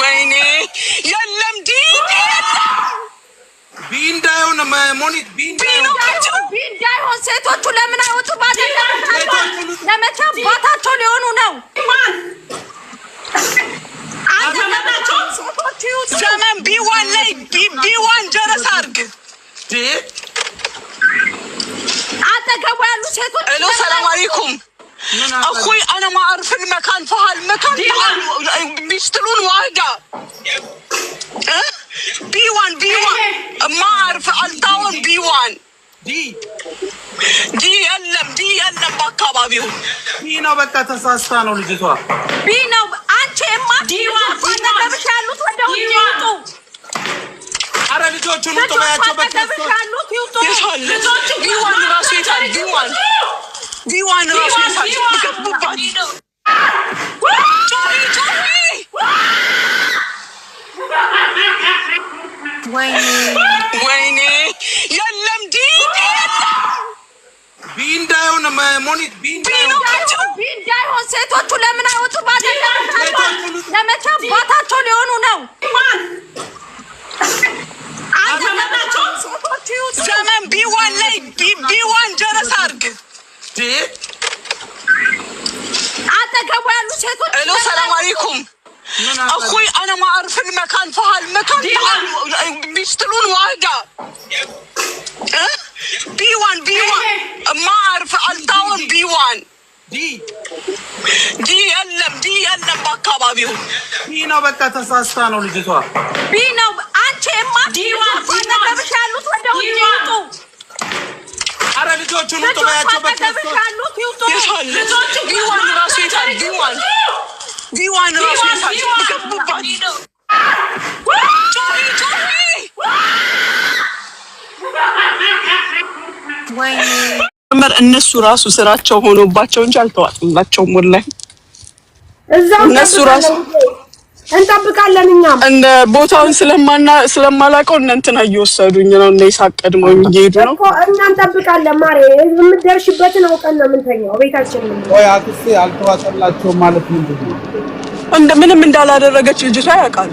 ወይኔ የለም ዲ ቢ እንዳይሆን ሞኒት ቢ እንዳይሆን ሴቶቹ ለምን አይወጡ? ለመቼ አባታቸው ሊሆኑ ነው? ዘመን ቢዋን ላይ ቢዋን ጀረስ አድርግ አጠገቡ ያሉ ሴቶች ሰላም አለይኩም እኩይ አነ ማዕርፍን መካን ፈሃል መካን ቢስትሉን ዋህዳ ቢዋን ቢዋን ማዕርፍ አልታወን ቢዋን ዲ የለም ዲ የለም። በአካባቢው ዲ ነው። በቃ ተሳስታ ነው ልጅቷ ቢ ነው። አንቺ ማ ዲዋንለብሽ ያሉት ወደ ውጭ ይውጡ። አረ ልጆቹን ውጡ በያቸው። በያቸውበያቸው ልጆቹ ቢዋን ራሱ ይታል ቢዋን ዲዋን ራሱ ገቡባት። ወይኔ የለም ዲ ቢ እንዳይሆን ሞኒት ቢ እንዳይሆን ሴቶቹ ለምን አይወጡ? ባለ እኮይ አነ ማዕርፍን መካን ፈሃል መካን ፈሃል ቢስትሉን ቢዋን ቢዋን ማዕርፍ አልታውን ቢዋን ዲ የለም ዲ የለም። በአካባቢው ዲ ነው። በቃ ተሳስታ ነው ልጅቷ ዲ ነው። አንቺ ማዲዋነገብሽ ያሉት ወደ ውጭ ይውጡ። አረ ልጆቹን ውጡ በያቸው። በያቸው ልጆቹ ቢዋን ራሱ ይታል ቢዋን ቢዋን ራሱ ገቡባት። እነሱ ራሱ ስራቸው ሆኖባቸው እንጂ አልተዋጥላቸውም። ወላሂ እነሱ ራሱ እንጠብቃለን። እኛም እንደ ቦታውን ስለማና ስለማላውቀው እየወሰዱኝ ነው እነ ይሳቅ ነው እኛ እንጠብቃለን። ማሬ የምትደርሽበትን አውቀን ነው የምንተኛው ቤታችን። አክስቴ አልተዋጠላቸውም ማለት ምንድን ነው? እንደ ምንም እንዳላደረገች ልጅቷ ያውቃሉ።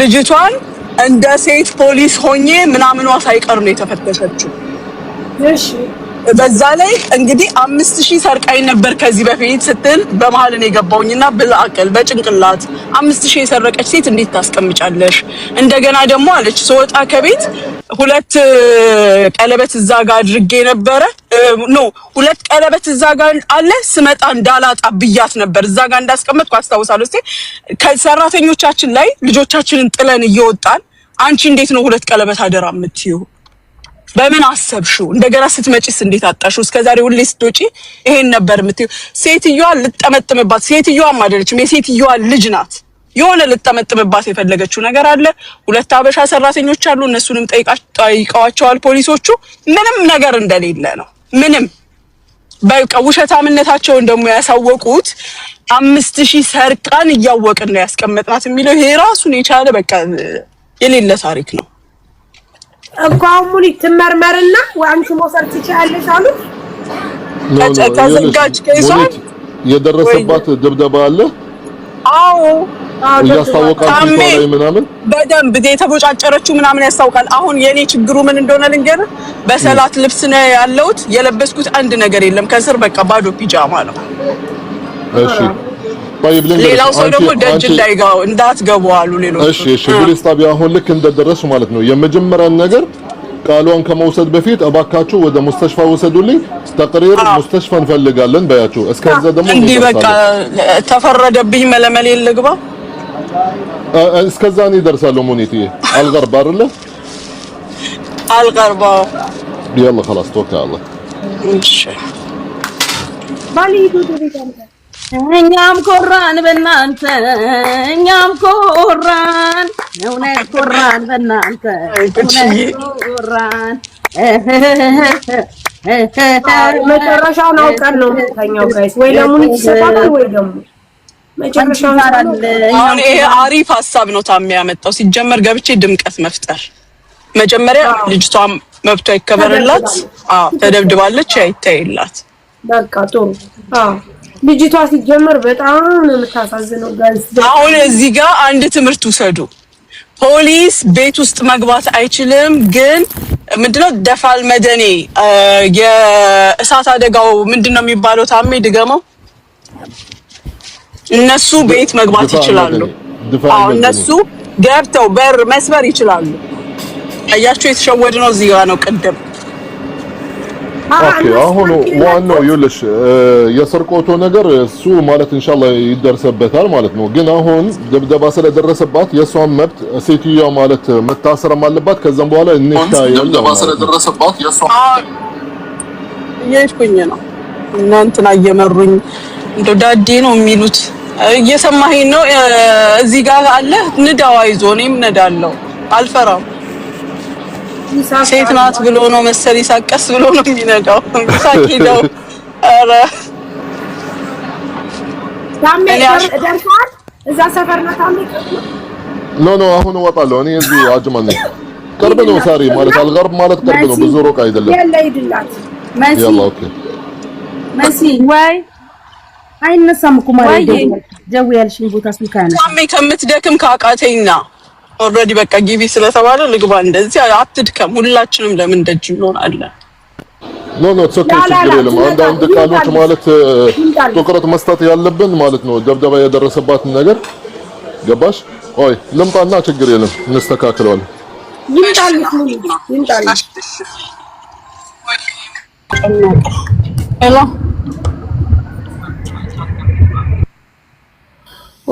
ልጅቷን እንደ ሴት ፖሊስ ሆኜ ምናምኗ ሳይቀር ነው የተፈተሸችው። እሺ በዛ ላይ እንግዲህ አምስት ሺህ ሰርቃይ ነበር ከዚህ በፊት ስትል በመሀል ነው የገባውኝና ብላቅል በጭንቅላት አምስት ሺህ የሰረቀች ሴት እንዴት ታስቀምጫለሽ? እንደገና ደግሞ አለች ስወጣ ከቤት ሁለት ቀለበት እዛ ጋር አድርጌ ነበረ ኖ ሁለት ቀለበት እዛ ጋር አለ ስመጣ እንዳላጣ ብያት ነበር እዛ ጋር እንዳስቀመጥኩ አስታውሳለሁ። እስኪ ከሰራተኞቻችን ላይ ልጆቻችንን ጥለን እየወጣን አንቺ እንዴት ነው ሁለት ቀለበት አደራ የምትይው? በምን አሰብሽው? እንደገና ስትመጪስ እንዴት አጣሽው? እስከዛሬ ሁሌ ስትወጪ ይሄን ነበር የምትይው። ሴትዮዋ ልጠመጥምባት፣ ሴትዮዋም አይደለችም የሴትዮዋ ልጅ ናት። የሆነ ልጠመጥምባት የፈለገችው ነገር አለ። ሁለት አበሻ ሰራተኞች አሉ። እነሱንም ጠይቀዋቸዋል ፖሊሶቹ። ምንም ነገር እንደሌለ ነው። ምንም በቃ ውሸታምነታቸውን ደግሞ ያሳወቁት አምስት ሺህ ሰርቃን እያወቅን ነው ያስቀመጥናት የሚለው ይሄ ራሱን የቻለ በቃ የሌለ ታሪክ ነው። እንኳን ሙሉ ትመርመርና አንቺ መውሰድ ትችያለሽ አሉ። ከዘጋች ከይሷ የደረሰባት ድብደባ አለ። አዎ እያስታወቃት ላይ ምናምን በደንብ የተቦጫጨረችው ምናምን ያስታውቃል። አሁን የኔ ችግሩ ምን እንደሆነ ልንገርህ። በሰላት ልብስ ነው ያለሁት። የለበስኩት አንድ ነገር የለም ከስር በቃ ባዶ ፒጃማ ነው። እሺ ሌላው ሰው ደግሞ ደጅ እንዳይገባ እንዳትገቡ አሉ ሌሎች። እሺ እሺ፣ ፖሊስ ጣቢያ አሁን ልክ እንደደረሱ ማለት ነው የመጀመሪያን ነገር ቃሏን ከመውሰድ በፊት እባካችሁ ወደ ሙስተሽፋ ወሰዱልኝ፣ ተቅሪር ሙስተሽፋ እንፈልጋለን በያቸው። እስከዛ ደግሞ እንዲህ በቃ ተፈረደብኝ፣ መለመሌ ልግባ። እስከዛ እኔ እደርሳለሁ። ሙኒት አልቀርባ አይደለ አልቀርባ يلا خلاص توكل على الله እኛም ኮራን በእናንተ እኛም ኮራን እውነት ኮራን በእናንተ ኮራን። መጨረሻውን አውቀን ነው የምንተኛው ጋይስ። ወይ ለሙን ይሰጣል ወይ ደግሞ መጨረሻውን አሁን ይሄ አሪፍ ሀሳብ ነው ታሜ ያመጣው። ሲጀመር ገብቼ ድምቀት መፍጠር መጀመሪያ ልጅቷ መብቷ ይከበርላት። አዎ ተደብድባለች፣ አይታይላት። በቃ ጥሩ። አዎ ልጅቷ ሲጀመር በጣም ነው የምታሳዝነው። አሁን እዚህ ጋር አንድ ትምህርት ውሰዱ። ፖሊስ ቤት ውስጥ መግባት አይችልም፣ ግን ምንድነው ደፋል መደኔ የእሳት አደጋው ምንድነው የሚባለው? ታሜ ድገመው። እነሱ ቤት መግባት ይችላሉ። አዎ እነሱ ገብተው በር መስበር ይችላሉ። አያችሁ፣ የተሸወድ ነው እዚህ ጋር ነው ቅድም አሁን ዋናው ይኸውልሽ የሰርቆቶ ነገር እሱ ማለት ኢንሻአላህ ይደርስበታል ማለት ነው። ግን አሁን ደብደባ ስለደረሰባት የሷን መብት ሴትዮዋ ማለት መታሰርም አለባት። ከዛም በኋላ እንታ ደብደባ ስለደረሰባት የሷ እየሄድኩኝ ነው እና እየመሩኝ እንደው ዳዴ ነው የሚሉት እየሰማኸኝ ነው። እዚህ ጋር አለ ንዳዋ ይዞ እኔም ነዳለው አልፈራም ሴት ናት ብሎ ነው መሰል ይሳቀስ ብሎ ነው የሚነዳው። ሳቅ ሄደው ኧረ እዛ ሰፈር ናት። ኖ ኖ አሁን እወጣለሁ እኔ እዚህ አጅማን ነኝ። ቅርብ ነው ሳሪ ማለት አልገርብ ማለት ቅርብ ነው፣ ብዙ ሩቅ አይደለም። ያላ ኦኬ መሲ ወይ አይነሳም እኮ ማለት ጀው ያልሽኝ ቦታ ስልካ ነው ሳሜ ከምትደክም ካቃተኝና ኦልሬዲ በቃ ጊቪ ስለተባለ ልግባ። እንደዚህ አትድከም። ሁላችንም ለምን ደጅ እንሆናለን? ኖ ኖ ኦኬ፣ ችግር የለም። አንዳንድ ቃሎች ማለት ትኩረት መስጠት ያለብን ማለት ነው። ደብደባ የደረሰባትን ነገር ገባሽ? ቆይ ልምጣና ችግር የለም እንስተካክለዋለን። ይምጣል ይምጣል።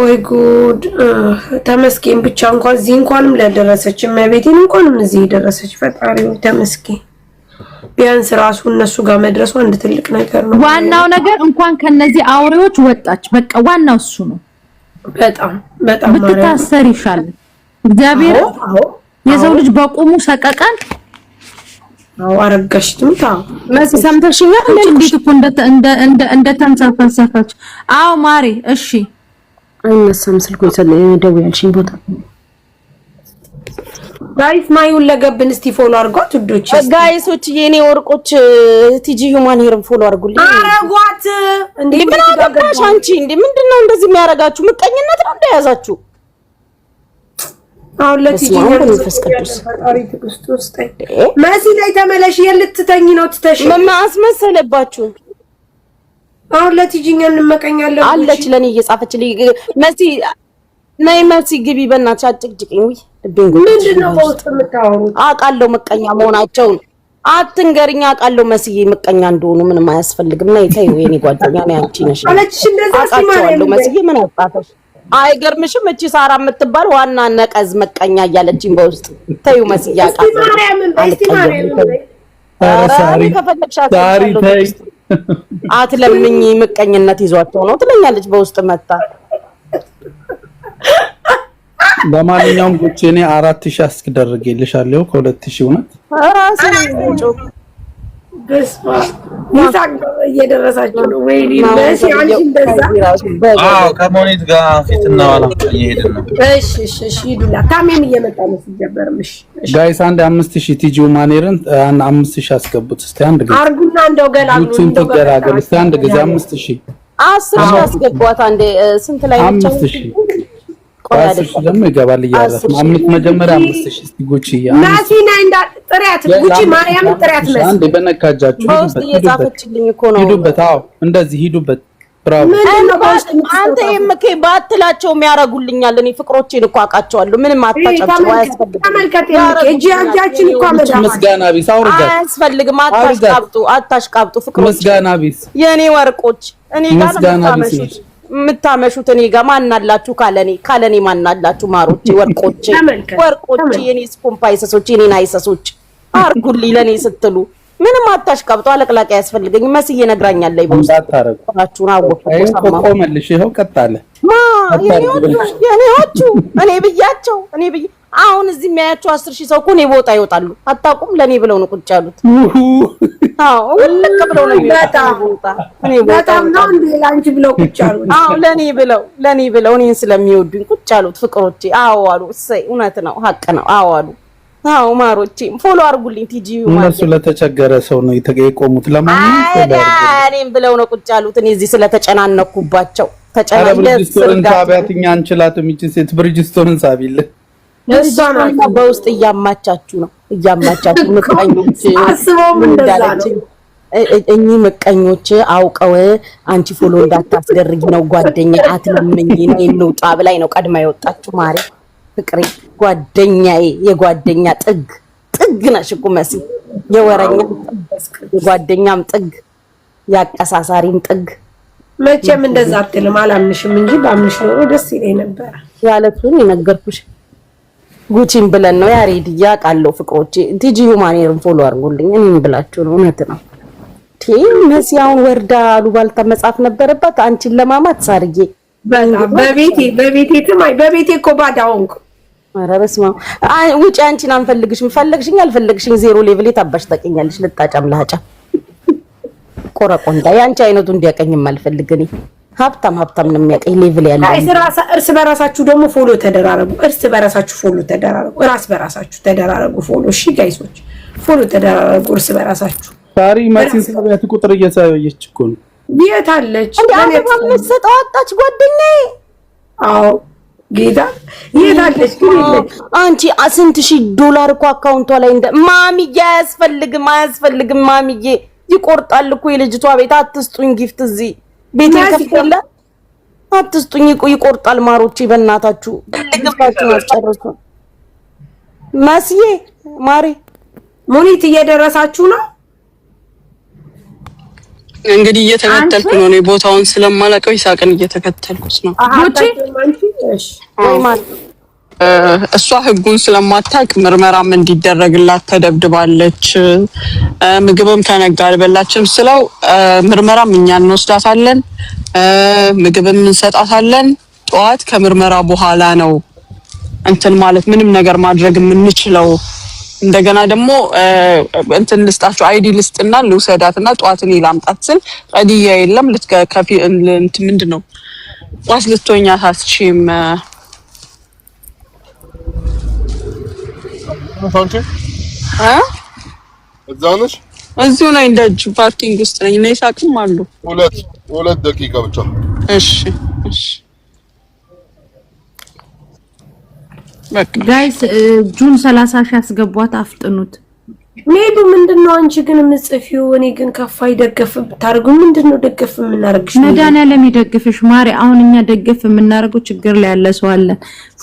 ወይ ጉድ! ተመስገን ብቻ እንኳን እዚህ እንኳንም ለደረሰች እመቤቴን እንኳንም እዚህ ደረሰች። ፈጣሪ ተመስገን። ቢያንስ ራሱ እነሱ ጋር መድረሱ አንድ ትልቅ ነገር ነው። ዋናው ነገር እንኳን ከነዚህ አውሬዎች ወጣች። በቃ ዋናው እሱ ነው። በጣም በጣም ብትታሰር ይሻል እግዚአብሔር የሰው ልጅ በቁሙ ሰቀቀን። አዎ አረጋሽትም ታ መስ ሰምተሽኛል። እንዴት እኮ እንደ እንደ እንደ ተንሰፈሰፈች። አዎ ማሬ፣ እሺ አይነሳም ስልኩ ደውያልሽኝ ቦታ ጋይስ ማዩን ለገብን እስቲ ፎሎ ውዶች ጋይሶች የኔ ወርቆች ቲጂ ሂውማን ሄርን ፎሎ አረጓት እንዴ ምን አንቺ? እንዴ እንደዚህ የሚያረጋችሁ? ምቀኝነት ነው እንደያዛችሁ። አሁን ለቲጂ መንፈስ ቅዱስ መሲ ላይ ተመለሽ። የልትተኝ ነው ትተሽ ምን አስመሰለባችሁ? አሁን ለቲጂኛ እንመቀኛለን አለች ለኔ እየጻፈችልኝ መሲ ናይ መሲ ግቢ በእናትሽ አጭቅጭቅኝ ውይ ድንጉ ምንድነው ወጥ የምታወሩት አውቃለሁ ምቀኛ መሆናቸውን አትንገርኛ አውቃለሁ መስዬ ምቀኛ እንደሆኑ ምንም አያስፈልግም ነይ ተይው የኔ ጓደኛ ነይ አንቺ ነሽ አለችሽ መስዬ ምን አጣፈሽ አይገርምሽም እቺ ሳራ የምትባል ዋና ነቀዝ መቀኛ እያለችኝ በውስጥ ተይው መስዬ አውቃለሁ እስቲ ማርያምን እስቲ ማርያምን አትለምኝ ምቀኝነት ይዟቸው ነው ትለኛለች በውስጥ መታ። ለማንኛውም ጉቺ እኔ አራት ሺህ አስደርግልሻለሁ ከሁለት ሺህ እውነት በስፋ ጋር ፊትና ኋላ እየሄድን ነው። ታሜም እየመጣ ነው ሲጀበርም። እሺ፣ ጋይስ አንድ አምስት ሺህ ቲጂ ማኔርን አንድ አምስት ሺህ አስገቡት እስቲ። አንድ ጊዜ አርጉና እንደው ገላሉ እንደው ገላሉ አንድ ጊዜ አምስት ሺህ አስር ሺህ አስገቧት። አንዴ ስንት ላይ ብቻ ይገባል እያለ መጀመሪያ አምስት ሺህ እስኪ ጉቺ ናሲና እንዳል ጥሪያት ጉቺ ማርያም ጥሪያት መስ አንዴ በነካ እጃችሁ እየጻፈችልኝ እኮ ነው። ሂዱበት። አዎ እንደዚህ ሂዱበት። አንተ ኤምኬ ባትላቸው ያደርጉልኛል። እኔ ፍቅሮቼን እኮ አውቃቸዋለሁ። ምንም አታጫጭው፣ አያስፈልግም። አታሽቃብጡ፣ አታሽቃብጡ። ፍቅሮች የእኔ ወርቆች፣ እኔ ጋር ምስጋና ቢስ የምታመሹት እኔ ጋር ማናላችሁ? ካለኔ ካለኔ ማናላችሁ? ማሮቼ፣ ወርቆቼ፣ ወርቆቼ፣ የኔ ስፖምፓ አይሰሶች፣ የኔ ናይሰሶች አርጉልኝ ለኔ ስትሉ ምንም አታሽቃብጡ። አለቅላቂ ያስፈልገኝ መስዬ ነግራኛለሁ። ይቦሳችሁን አወቅኩ። ይኸው ቀጣለ ማ የኔዎቹ እኔ ብያቸው እኔ ብዬ አሁን እዚህ የሚያያቸው አስር ሺህ ሰው እኮ እኔ በወጣ ይወጣሉ። አታውቁም። ለእኔ ብለው ነው ቁጭ ያሉት። አዎ ብለው ነው በጣም ነው እንዴ ላንቺ ብለው ቁጭ ያሉት? አዎ ለእኔ ብለው ለእኔ ብለው እኔን ስለሚወዱኝ ቁጭ ያሉት ፍቅሮቼ። አዎ አሉ። እሰይ እውነት ነው ሀቅ ነው። አዎ አሉ። አዎ ማሮቼ ፎሎ አድርጉልኝ። ቲጂ እነሱ ለተቸገረ ሰው ነው የተቆሙት። ለማንኛውም ብለው ነው ቁጭ ያሉት። እኔ እዚህ ስለተጨናነኩባቸው ተጨናነኩ። ብርጅስቶን ሳቢያት እኛ እንችላትም። ይቺ ሴት ብርጅስቶን ሳቢልን በውስጥ እያማቻችሁ ነው እያማቻችሁ ምቀኞች እኚህ ምቀኞች አውቀው አንቺ ፎሎ እንዳታስደርጊ ነው ጓደኛ አትለምኝ ነው እንውጣ ብላኝ ነው ቀድማ የወጣችሁ ፍቅሬ ጓደኛዬ የጓደኛ ጥግ ጥግ ነሽ እኮ መሲ የጓደኛም ጥግ የአቀሳሳሪም ጥግ መቼም እንደዛ አትልም አላምንሽም እንጂ ባምንሽ ኖሮ ደስ ይለኝ ነበረ ያለቱን የነገርኩሽ ጉቺን ብለን ነው ያሬድ ያውቃለው። ፍቅሮቼ ቲጂ ሁማኔርን ፎሎ አድርጉልኝ። እኔም ብላችሁ ነው እውነት ነው። መሲ አሁን ወርዳ አሉባልታ መጻፍ ነበረባት አንቺን ለማማት ሳርዬ። በቤቴ በቤቴ ትማይ በቤቴ እኮ ባዳ ሆንኩ። ኧረ በስመ አብ ውጪ። አንቺን አንፈልግሽም። ፈለግሽኝ አልፈለግሽኝ ዜሮ ሌቭል ታባሽ ታውቂኛለሽ። ልጣጫም ላጫ ቆረቆንዳ የአንቺ አይነቱ እንዲያቀኝም አልፈልግ እኔ ሀብታም ሀብታም ነው የሚያቀኝ ሌቭል ያለው። እርስ በራሳችሁ ደግሞ ፎሎ ተደራረጉ። እርስ በራሳችሁ ፎሎ ተደራረጉ። እራስ በራሳችሁ ተደራረጉ ፎሎ። እሺ ጋይሶች ፎሎ ተደራረጉ እርስ በራሳችሁ። ታሪ ማቲን ሳቢያት ቁጥር እየሳየች እኮ ነው። የት አለች እንዴ? አንተ በምትሰጠው አጣች ጓደኛዬ። አዎ ጌታ የት አለች ግን የለች። አንቺ ስንት ሺህ ዶላር እኮ አካውንቷ ላይ እንደ ማሚዬ፣ አያስፈልግም አያስፈልግም ማሚዬ፣ ይቆርጣል እኮ የልጅቷ ቤት። አትስጡኝ ጊፍት እዚህ ቤት ከፍቶላ አትስጡኝ፣ ይቆርጣል። ማሮቼ በእናታችሁ ግባችሁን አስጨርሱ። መስዬ ማሪ ሙኒት እየደረሳችሁ ነው። እንግዲህ እየተከተልኩ ነው። እኔ ቦታውን ስለማላውቀው ይሳቅን እየተከተልኩት ነው። እሷ ህጉን ስለማታቅ ምርመራም እንዲደረግላት ተደብድባለች፣ ምግብም ከነጋ አልበላችም ስለው ምርመራም እኛ እንወስዳታለን፣ ምግብም እንሰጣታለን። ጠዋት ከምርመራ በኋላ ነው እንትን ማለት ምንም ነገር ማድረግ የምንችለው። እንደገና ደግሞ እንትን ልስጣቸው አይዲ ልስጥና ልውሰዳት እና ጠዋትን ላምጣት ስል ቀድያ የለም ልትከፊ ምንድን ነው ጠዋት ልትሆኛት አትችይም አንቺ እ እዛ ነሽ? እዚሁ ነኝ፣ ደጅ ፓርኪንግ ውስጥ ነኝ። እኔ ሳቅም አሉ። ሁለት ሁለት ደቂቃ ብቻ። እሺ፣ እሺ። ጋይስ ጁን 30 ሺህ አስገቧት፣ አፍጥኑት። ሜዱ ምንድን ነው አንቺ ግን ምጽፊው እኔ ግን ከፋ ይደገፍ ታርጉ ምንድን ነው ደገፍ የምናደርግሽ? መድኃኒዓለም ይደግፍሽ ማሪ። አሁን እኛ ደገፍ የምናደርገው ችግር ላይ ያለ ሰው አለ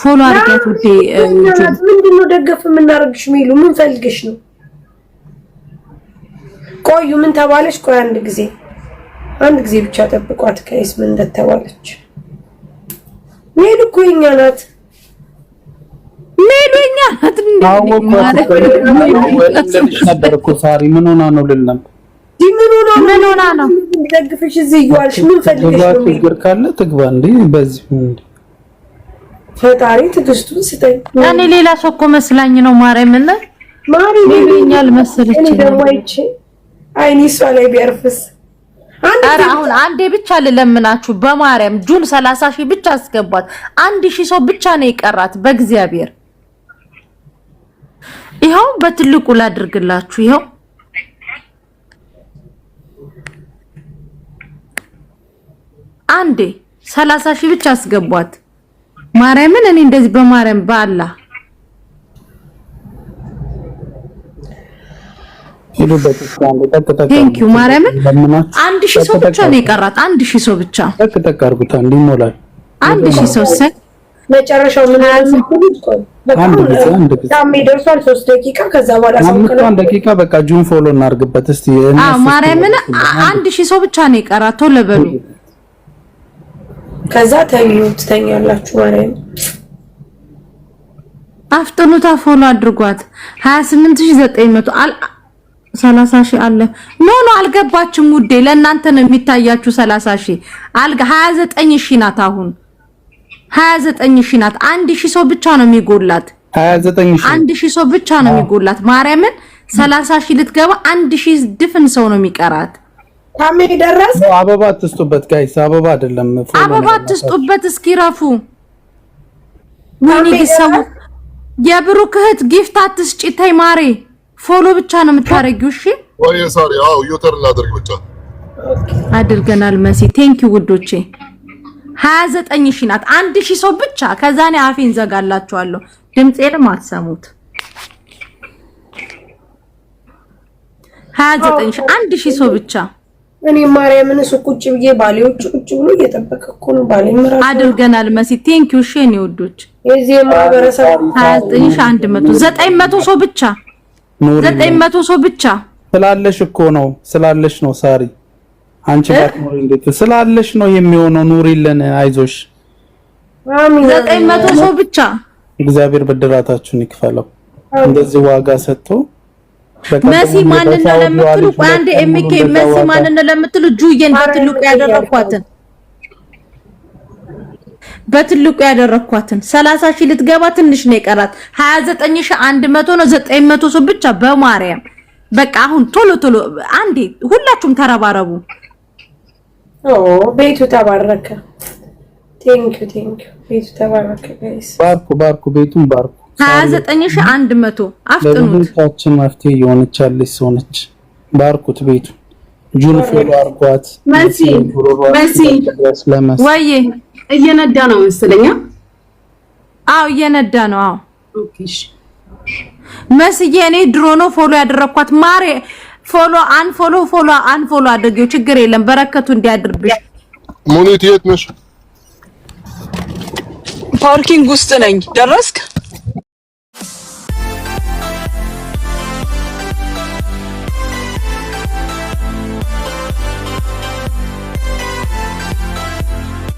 ፎሎ አድርጋት ውዴ። ምንድን ነው ደገፍ የምናደርግሽ? ሜሉ ምን ፈልግሽ ነው? ቆዩ ምን ተባለች? ቆይ አንድ ጊዜ አንድ ጊዜ ብቻ ጠብቋት። ከይስ ምን እንደተባለች ሜሉ እኮ የኛ ናት። ሜሉ የኛ ናት። ነበር እኮ ሳሪ ምን ሆና ነው ልል ነበር። ምን ሆና ነው እዚህ እየዋልሽ ምን ነው? ችግር ካለ ትግባ በዚህ ፈጣሪ ትዕግስቱን ስጠኝ። እኔ ሌላ ሰው እኮ መስላኝ ነው ማርያም እና መሰለች። ደግሞ አይቼ አይኔ እሷ ላይ ቢያርፍስ አሁን አንዴ ብቻ ልለምናችሁ በማርያም ጁን ሰላሳ ሺህ ብቻ አስገቧት። አንድ ሺህ ሰው ብቻ ነው የቀራት በእግዚአብሔር በትልቁ ላድርግላችሁ። ይኸው አንዴ ሰላሳ ሺህ ብቻ አስገቧት ማርያምን። እኔ እንደዚህ በማርያም በአላህ ቴንኪዩ ማርያምን። አንድ ሺህ ሰው ብቻ ነው የቀራት። አንድ ሺህ ሰው ብቻ አንድ ሺህ ሰው መጨረሻው ምን ጣሜ ደርሷል። ሶስት ደቂቃ ከዛ በኋላ አንድ ደቂቃ በቃ ጁን ፎሎ እናርግበት እስቲ። ማርያምን አንድ ሺህ ሰው ብቻ ነው የቀራ ቶሎ በሉ። ከዛ ተኙ ትተኛላችሁ። ማርያም አፍጥኑታ ፎሎ አድርጓት። 28900 አል 30 ሺህ አለ። ኖ ኖ አልገባችም ውዴ፣ ለእናንተ ነው የሚታያችሁ። 30 ሺህ አልገ 29 ሺህ ናት አሁን 29 ሺህ ናት። አንድ ሺ ሰው ብቻ ነው የሚጎላት። 29 ሺህ አንድ ሺ ሰው ብቻ ነው የሚጎላት። ማርያምን 30 ሺ ልትገባ አንድ ሺ ድፍን ሰው ነው የሚቀራት። ታሜ ደረሰ። አበባ አትስጡበት ጋይስ፣ አበባ አይደለም አበባ አትስጡበት። እስኪ ወይኔ ሰው የብሩክ እህት ጊፍት አትስጪ። ተይ ማሬ፣ ፎሎ ብቻ ነው የምታረጊው። እሺ ወይ ሶሪ። አዎ ዩተር እናደርግ ብቻ አድርገናል። መሲ ቴንክ ዩ ውዶቼ ሀያ ዘጠኝ ሺህ ናት። አንድ ሺ ሰው ብቻ ከዛ እኔ አፌን ዘጋላችኋለሁ። ድምፄንም አትሰሙት። ሀያ ዘጠኝ ሺህ አንድ ሺህ ሰው ብቻ እኔ ማርያምን እሱ ቁጭ ብዬ ባሌ ቁጭ ብሎ እየጠበቀ እኮ ነው። ባሌ ምራ አድርገናል። መሲ ቴንክ ዩ ሼን ይወዶች የዚህ ማህበረሰብ 100 900 ሰው ብቻ 900 ሰው ብቻ ስላለሽ እኮ ነው ስላለሽ ነው ሳሪ አንቺ ባትኖሪ እንዴት ስላለሽ ነው የሚሆነው። ኑሪልን፣ አይዞሽ። ዘጠኝ መቶ ሰው ብቻ እግዚአብሔር ብድራታችሁን ይክፈለው። እንደዚህ ዋጋ ሰጥቶ መሲ ማንን ነው ለምትሉ፣ ቆይ አንዴ ኤሚኬ መሲ ማንን ነው ለምትሉ፣ ጁዬን በትልቁ ያደረኳትን በትልቁ ያደረኳትን 30 ሺህ ልትገባ ትንሽ ነው የቀራት። 100 ነው 900 ሰው ብቻ በማርያም በቃ አሁን ቶሎ ቶሎ አንዴ ሁላችሁም ተረባረቡ። ቤቱ ተባረከ። ቴንኪው ቴንኪው። ቤቱ ተባረከ። ባርኩ ባርኩ፣ ቤቱን ባርኩ። ሀያ ዘጠኝ ሺህ አንድ መቶ አፍጥኑታችን መፍትሄ የሆነች ያለች ሰው ነች። ባርኩት ቤቱ ጁን ፎሎ አርጓት። መሲ መሲ፣ ወይ እየነዳ ነው መሰለኝ። አዎ እየነዳ ነው። አዎ መስዬ፣ እኔ ድሮ ነው ፎሎ ያደረኳት ማሬ ፎሎ አን ፎሎ አንፎሎ አድርጊው፣ ችግር የለም በረከቱ እንዲያድርብሽ። ሙኒት የት ነሽ? ፓርኪንግ ውስጥ ነኝ። ደረስክ?